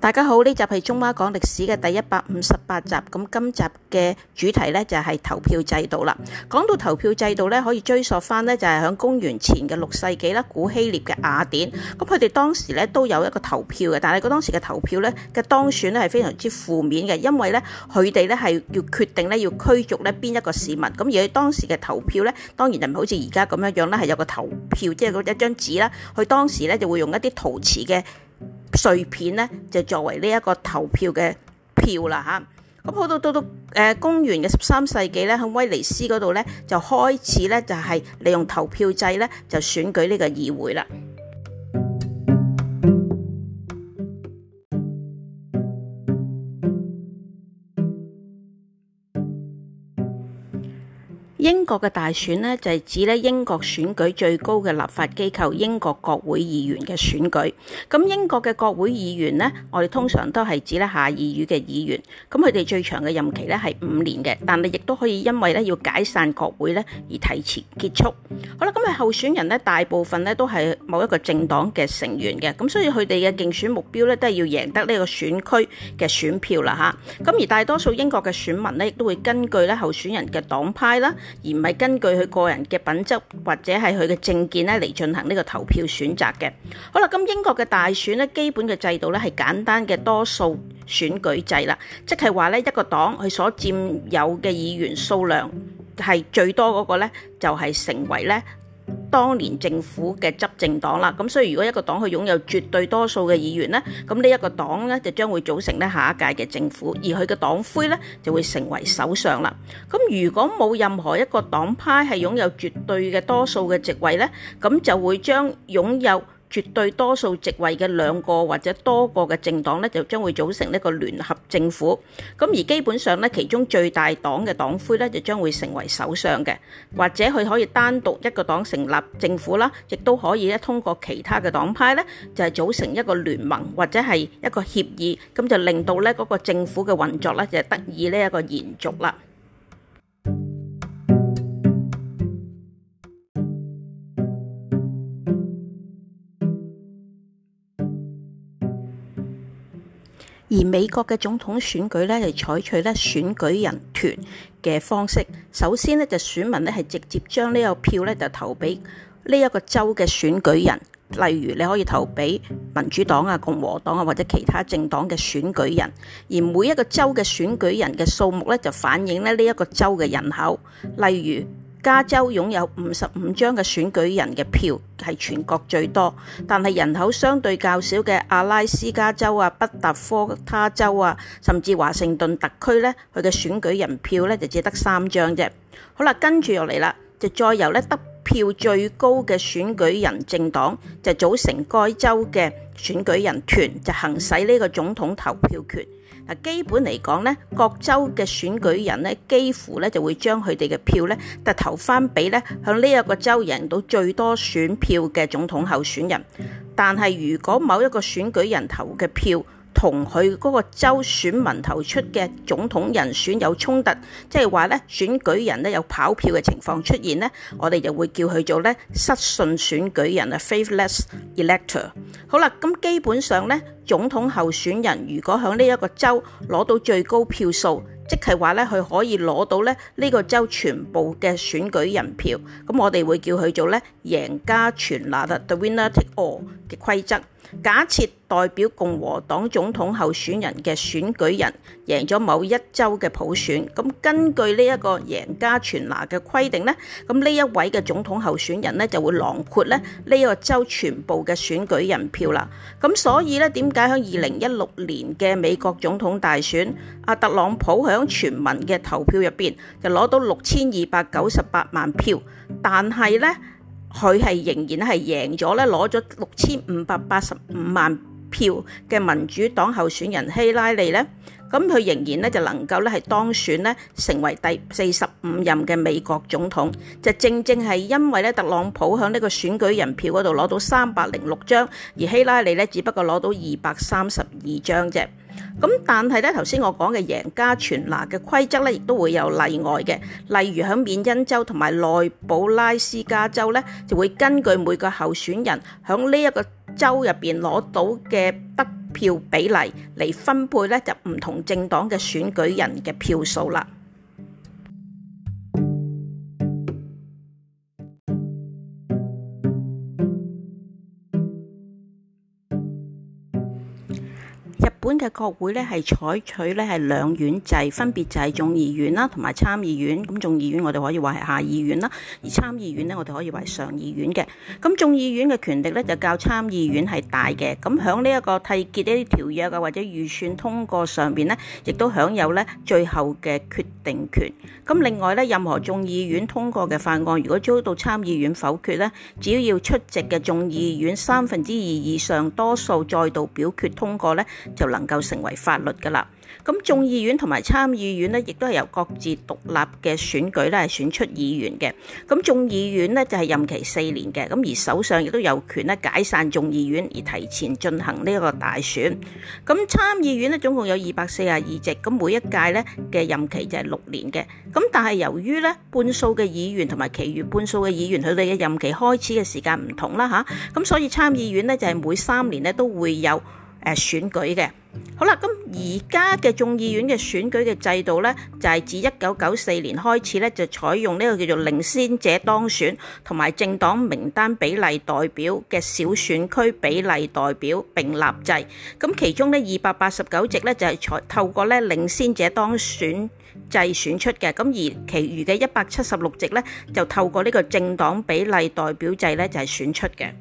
大家好，呢集係中華講歷史嘅第一百五十八集，咁今集嘅主題呢就係投票制度啦。講到投票制度呢，可以追溯翻呢就係響公元前嘅六世紀啦，古希臘嘅雅典，咁佢哋當時呢都有一個投票嘅，但係嗰當時嘅投票呢嘅當選呢係非常之負面嘅，因為呢，佢哋呢係要決定呢要驅逐呢邊一個市民，咁而佢當時嘅投票呢，當然就唔好似而家咁樣樣啦，係有個投票，即係嗰一張紙啦，佢當時呢就會用一啲陶瓷嘅。碎片咧就作為呢一個投票嘅票啦嚇，咁好，到到到誒公元嘅十三世紀咧，喺威尼斯嗰度咧就開始咧就係、是、利用投票制咧就選舉呢個議會啦。英國嘅大選呢，就係指咧英國選舉最高嘅立法機構英國國會議員嘅選舉。咁英國嘅國會議員呢，我哋通常都係指咧下議院嘅議員。咁佢哋最長嘅任期咧係五年嘅，但係亦都可以因為咧要解散國會咧而提前結束。好啦，咁啊候選人咧大部分咧都係某一個政黨嘅成員嘅，咁所以佢哋嘅競選目標咧都係要贏得呢個選區嘅選票啦嚇。咁而大多數英國嘅選民咧亦都會根據咧候選人嘅黨派啦。而唔係根據佢個人嘅品質或者係佢嘅政見咧嚟進行呢個投票選擇嘅。好啦，咁英國嘅大選咧，基本嘅制度咧係簡單嘅多數選舉制啦，即係話咧一個黨佢所佔有嘅議員數量係最多嗰個咧，就係成為咧。當年政府嘅執政黨啦，咁所以如果一個黨佢擁有絕對多數嘅議員咧，咁呢一個黨咧就將會組成咧下一屆嘅政府，而佢嘅黨魁咧就會成為首相啦。咁如果冇任何一個黨派係擁有絕對嘅多數嘅席位咧，咁就會將擁有。絕對多數席位的兩個或者多個的政黨呢，就將會組成一個聯合政府。咁，而基本上呢，其中最大黨的黨魁呢，就將會成為首相的。或者，佢可以單獨一個黨成立政府啦，亦都可以通過其他的黨派呢，就係組成一個聯盟或者係一個協議。咁，就令到呢，嗰個政府的運作呢，就得以呢一個延續啦。而美國嘅總統選舉咧係採取咧選舉人團嘅方式，首先咧就是選民咧係直接將呢個票咧就投俾呢一個州嘅選舉人，例如你可以投俾民主黨啊、共和黨啊或者其他政黨嘅選舉人，而每一個州嘅選舉人嘅數目咧就反映咧呢一個州嘅人口，例如，加州擁有五十五張嘅選舉人嘅票係全國最多，但係人口相對較少嘅阿拉斯加州啊、北達科他州啊，甚至華盛頓特區呢，佢嘅選舉人票呢就只得三張啫。好啦，跟住落嚟啦，就再由呢得票最高嘅選舉人政黨，就組成該州嘅選舉人團，就行使呢個總統投票權。基本嚟講咧，各州嘅選舉人咧，幾乎咧就會將佢哋嘅票咧，特投返畀咧向呢一個州贏到最多選票嘅總統候選人。但係如果某一個選舉人投嘅票，同佢嗰個州選民投出嘅總統人選有衝突，即係話咧選舉人咧有跑票嘅情況出現咧，我哋就會叫佢做咧失信選舉人啊 （faithless elector）。好啦，咁基本上咧總統候選人如果喺呢一個州攞到最高票數，即係話咧佢可以攞到咧呢個州全部嘅選舉人票，咁我哋會叫佢做咧贏家全拿嘅 （the winner take a 嘅規則。假設代表共和黨總統候選人嘅選舉人贏咗某一州嘅普選，咁根據呢一個贏家全拿嘅規定咧，咁呢一位嘅總統候選人咧就會囊括咧呢個州全部嘅選舉人票啦。咁所以呢，點解喺二零一六年嘅美國總統大選，阿特朗普喺全民嘅投票入邊就攞到六千二百九十八萬票，但係呢。佢係仍然係贏咗咧，攞咗六千五百八十五萬票嘅民主黨候選人希拉里呢，咁佢仍然呢，就能夠咧係當選呢，成為第四十五任嘅美國總統，就正正係因為咧特朗普響呢個選舉人票嗰度攞到三百零六張，而希拉里呢，只不過攞到二百三十二張啫。咁但係咧，頭先我講嘅贏家全拿嘅規則咧，亦都會有例外嘅，例如響緬因州同埋內布拉斯加州咧，就會根據每個候選人響呢一個。州入邊攞到嘅得票比例嚟分配咧，就唔同政黨嘅選舉人嘅票數啦。嘅國會咧係採取咧係兩院制，分別就係眾議院啦同埋參議院。咁眾議院我哋可以話係下議院啦，而參議院呢我哋可以話係上議院嘅。咁眾議院嘅權力咧就較參議院係大嘅。咁喺呢一個締結呢啲條約嘅或者預算通過上邊呢，亦都享有呢最後嘅決定權。咁另外呢，任何眾議院通過嘅法案，如果遭到參議院否決呢，只要要出席嘅眾議院三分之二以上多數再度表決通過呢，就能夠成為法律噶啦，咁眾議院同埋參議院呢，亦都係由各自獨立嘅選舉咧，係選出議員嘅。咁眾議院呢，就係任期四年嘅，咁而首相亦都有權咧解散眾議院而提前進行呢個大選。咁參議院呢，總共有二百四十二席，咁每一屆呢嘅任期就係六年嘅。咁但係由於呢半數嘅議員同埋其餘半數嘅議員，佢哋嘅任期開始嘅時間唔同啦，吓，咁所以參議院呢，就係每三年呢，都會有。誒選舉嘅，好啦，咁而家嘅眾議院嘅選舉嘅制度咧，就係自一九九四年開始咧，就採用呢個叫做領先者當選同埋政黨名單比例代表嘅小選區比例代表並立制。咁其中呢，二百八十九席咧就係採透過咧領先者當選制選出嘅，咁而其餘嘅一百七十六席咧就透過呢個政黨比例代表制咧就係選出嘅。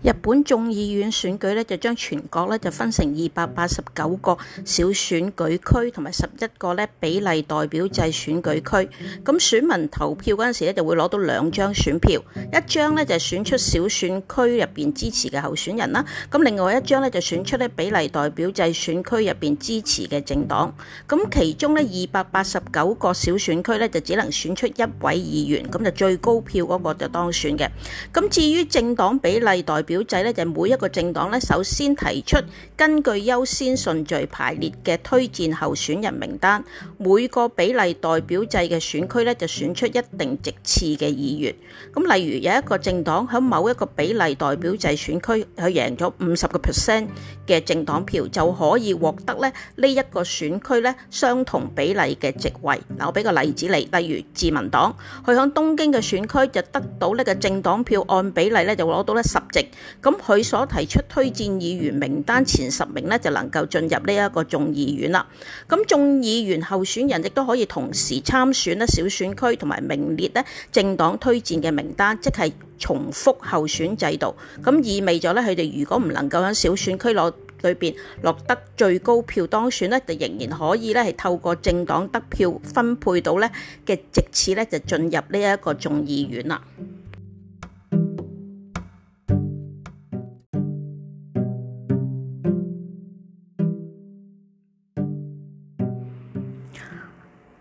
日本眾議院選舉咧，就將全國咧就分成二百八十九個小選舉區，同埋十一個咧比例代表制選舉區。咁選民投票嗰陣時咧，就會攞到兩張選票，一張咧就選出小選區入邊支持嘅候選人啦。咁另外一張咧就選出咧比例代表制選區入邊支持嘅政黨。咁其中咧二百八十九個小選區咧就只能選出一位議員，咁就最高票嗰個就當選嘅。咁至於政黨比例代表。表制咧就是每一個政黨咧首先提出，根據優先順序排列嘅推薦候選人名單，每個比例代表制嘅選區咧就選出一定席次嘅議員。咁例如有一個政黨響某一個比例代表制選區，佢贏咗五十個 percent 嘅政黨票，就可以獲得咧呢一個選區咧相同比例嘅席位。嗱，我俾個例子你，例如自民黨佢響東京嘅選區，就得到呢個政黨票按比例咧就攞到呢十席。咁佢所提出推薦議員名單前十名咧，就能夠進入呢一個眾議院啦。咁眾議員候選人亦都可以同時參選呢小選區同埋名列咧政黨推薦嘅名單，即係重複候選制度。咁意味咗咧，佢哋如果唔能夠喺小選區攞裏邊落得最高票當選咧，就仍然可以咧係透過政黨得票分配到咧嘅席次咧，就進入呢一個眾議院啦。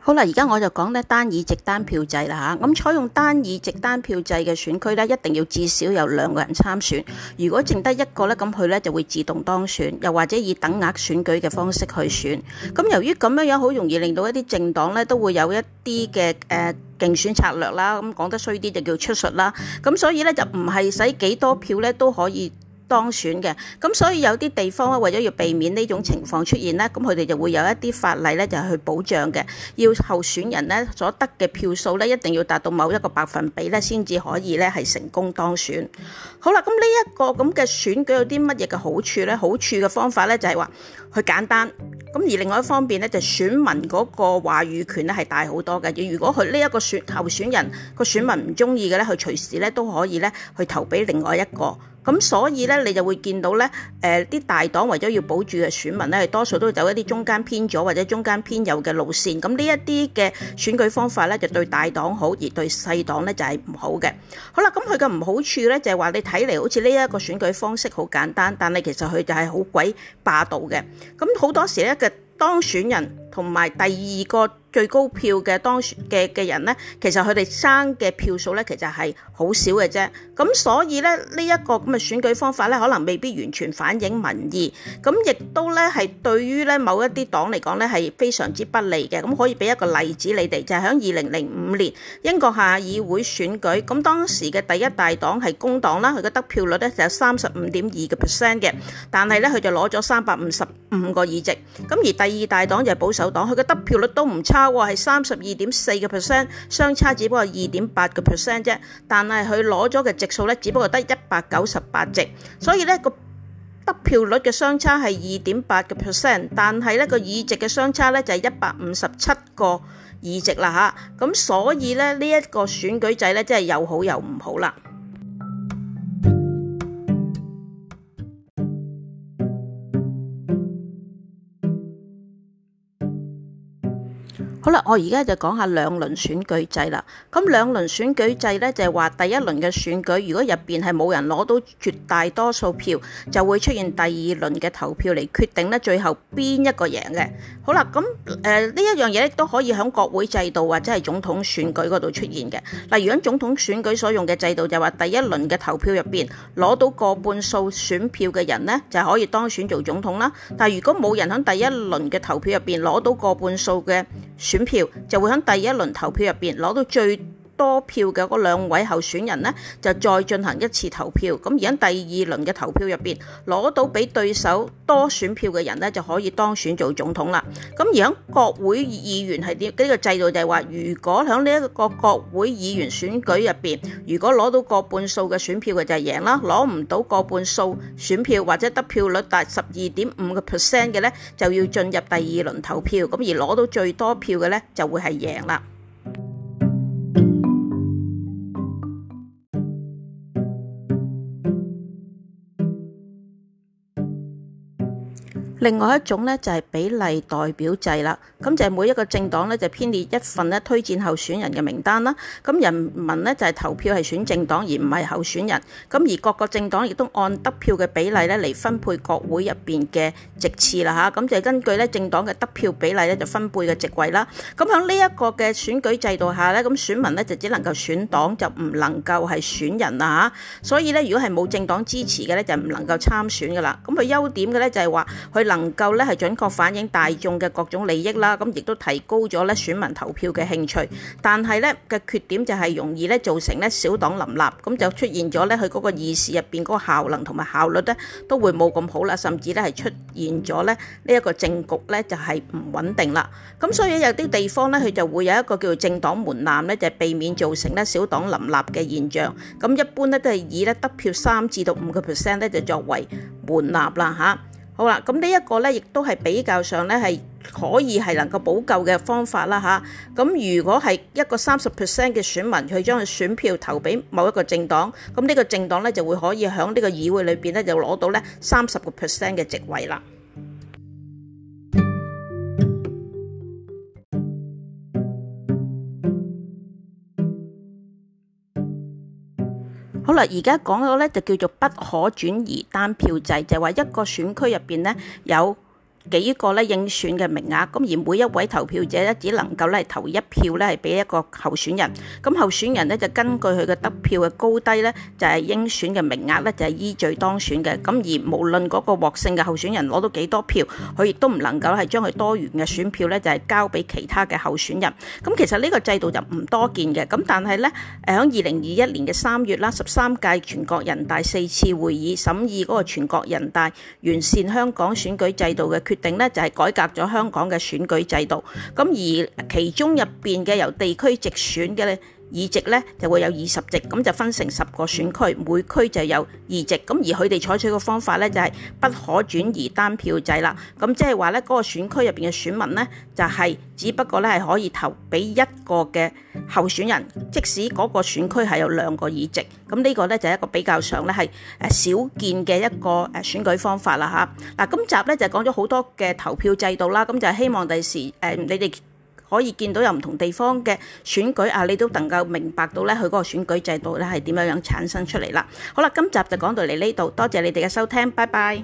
好啦，而家我就講咧單議席單票制啦吓，咁採用單議席單票制嘅選區咧，一定要至少有兩個人參選，如果淨得一個咧，咁佢咧就會自動當選，又或者以等額選舉嘅方式去選。咁由於咁樣樣好容易令到一啲政黨咧都會有一啲嘅誒競選策略啦，咁講得衰啲就叫出術啦，咁所以咧就唔係使幾多票咧都可以，當選嘅咁，所以有啲地方咧，為咗要避免呢種情況出現呢，咁佢哋就會有一啲法例咧，就係去保障嘅，要候選人咧所得嘅票數咧，一定要達到某一個百分比咧，先至可以咧係成功當選。好啦，咁呢一個咁嘅選舉有啲乜嘢嘅好處呢？好處嘅方法咧就係話佢簡單咁，而另外一方面咧就係選民嗰個話語權咧係大好多嘅。如果佢呢一個選候選人個選民唔中意嘅咧，佢隨時咧都可以咧去投俾另外一個。咁所以咧，你就會見到咧，誒、呃、啲大黨為咗要保住嘅選民咧，係多數都會走一啲中間偏左或者中間偏右嘅路線。咁呢一啲嘅選舉方法咧，就對大黨好，而對細黨咧就係、是、唔好嘅。好啦，咁佢嘅唔好處咧就係、是、話你睇嚟好似呢一個選舉方式好簡單，但係其實佢就係好鬼霸道嘅。咁好多時咧嘅當選人同埋第二個。最高票嘅當選嘅嘅人呢，其實佢哋爭嘅票數呢，其實係好少嘅啫。咁所以呢，呢一個咁嘅選舉方法呢，可能未必完全反映民意。咁亦都呢，係對於呢某一啲黨嚟講呢，係非常之不利嘅。咁可以俾一個例子你哋，就係喺二零零五年英國下議會選舉，咁當時嘅第一大黨係工黨啦，佢嘅得票率呢就有三十五點二嘅 percent 嘅，但係呢，佢就攞咗三百五十五個議席。咁而第二大黨就係保守黨，佢嘅得票率都唔差。不過係三十二點四個 percent，相差只不過二點八個 percent 啫。但係佢攞咗嘅席數咧，只不過得一百九十八席，所以咧個得票率嘅相差係二點八個 percent，但係咧個議席嘅相差咧就係一百五十七個議席啦吓。咁所以咧呢一個選舉制咧，真係又好又唔好啦。我而家就講下兩輪選舉制啦。咁兩輪選舉制咧，就係話第一輪嘅選舉如果入邊係冇人攞到絕大多數票，就會出現第二輪嘅投票嚟決定咧最後邊一個贏嘅。好啦，咁誒呢一樣嘢亦都可以響國會制度或者係總統選舉嗰度出現嘅。嗱，如果總統選舉所用嘅制度就係話第一輪嘅投票入邊攞到過半數選票嘅人咧就可以當選做總統啦。但係如果冇人響第一輪嘅投票入邊攞到過半數嘅選票，就會喺第一輪投票入邊攞到最。多票嘅嗰兩位候選人呢，就再進行一次投票。咁而家第二輪嘅投票入面，攞到比對手多選票嘅人呢，就可以當選做總統啦。咁而喺國會議員係點？呢個制度就係話，如果喺呢一個國會議員選舉入面，如果攞到個半數嘅選票嘅就係贏啦。攞唔到個半數選票或者得票率達十二點五個 percent 嘅呢，就要進入第二輪投票。咁而攞到最多票嘅呢，就會係贏啦。另外一種咧就係比例代表制啦，咁就係每一個政黨咧就編列一份咧推薦候選人嘅名單啦，咁人民呢，就係投票係選政黨而唔係候選人，咁而各個政黨亦都按得票嘅比例咧嚟分配國會入邊嘅席次啦嚇，咁就根據咧政黨嘅得票比例咧就分配嘅席位啦。咁喺呢一個嘅選舉制度下咧，咁選民呢，就只能夠選黨就唔能夠係選人啦嚇，所以咧如果係冇政黨支持嘅咧就唔能夠參選噶啦。咁佢優點嘅咧就係話佢。能夠咧係準確反映大眾嘅各種利益啦，咁亦都提高咗咧選民投票嘅興趣。但係咧嘅缺點就係容易咧造成咧小黨林立，咁就出現咗咧佢嗰個議事入邊嗰個效能同埋效率咧都會冇咁好啦，甚至咧係出現咗咧呢一個政局咧就係唔穩定啦。咁所以有啲地方咧佢就會有一個叫做政黨門檻咧，就係避免造成咧小黨林立嘅現象。咁一般咧都係以咧得票三至到五個 percent 咧就作為門檻啦嚇。好啦，咁呢一個咧，亦都係比較上咧係可以係能夠補救嘅方法啦吓。咁如果係一個三十 percent 嘅選民，去將佢選票投俾某一個政黨，咁呢個政黨咧就會可以喺呢個議會裏邊咧就攞到咧三十個 percent 嘅席位啦。好啦，而家講到咧就叫做不可轉移單票制，就係話一個選區入邊咧有，幾個咧應選嘅名額，咁而每一位投票者咧只能夠咧投一票咧，係俾一個候選人。咁候選人咧就根據佢嘅得票嘅高低咧，就係應選嘅名額咧就係依序當選嘅。咁而無論嗰個獲勝嘅候選人攞到幾多票，佢亦都唔能夠係將佢多元嘅選票咧就係交俾其他嘅候選人。咁其實呢個制度就唔多見嘅。咁但係咧，誒喺二零二一年嘅三月啦，十三屆全國人大四次會議審議嗰個全國人大完善香港選舉制度嘅決定。定咧就係改革咗香港嘅選舉制度，咁而其中入邊嘅由地區直選嘅咧。議席咧就會有二十席，咁就分成十個選區，每區就有議席。咁而佢哋採取嘅方法咧就係不可轉移單票制啦。咁即係話咧，嗰個選區入面嘅選民咧就係，只不過咧係可以投俾一個嘅候選人，即使嗰個選區係有兩個議席。咁呢個咧就係一個比較上咧係誒少見嘅一個誒選舉方法啦吓，嗱，今集咧就講咗好多嘅投票制度啦，咁就希望第時你哋，可以見到有唔同地方嘅選舉啊，你都能夠明白到咧，佢嗰個選舉制度咧係點樣樣產生出嚟啦。好啦，今集就講到嚟呢度，多謝你哋嘅收聽，拜拜。